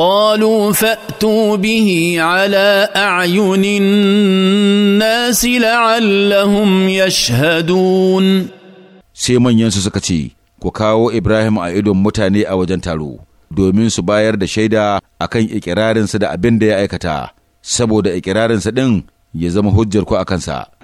قالوا فاتوا به على اعين الناس لعلهم يشهدون sai manyansu suka ce ku kawo ibrahim a idon mutane a wajen taro domin su bayar da shaida akan ikirarinsa da abin da ya aikata saboda iƙirarinsa ɗin ya zama hujjar ku a kansa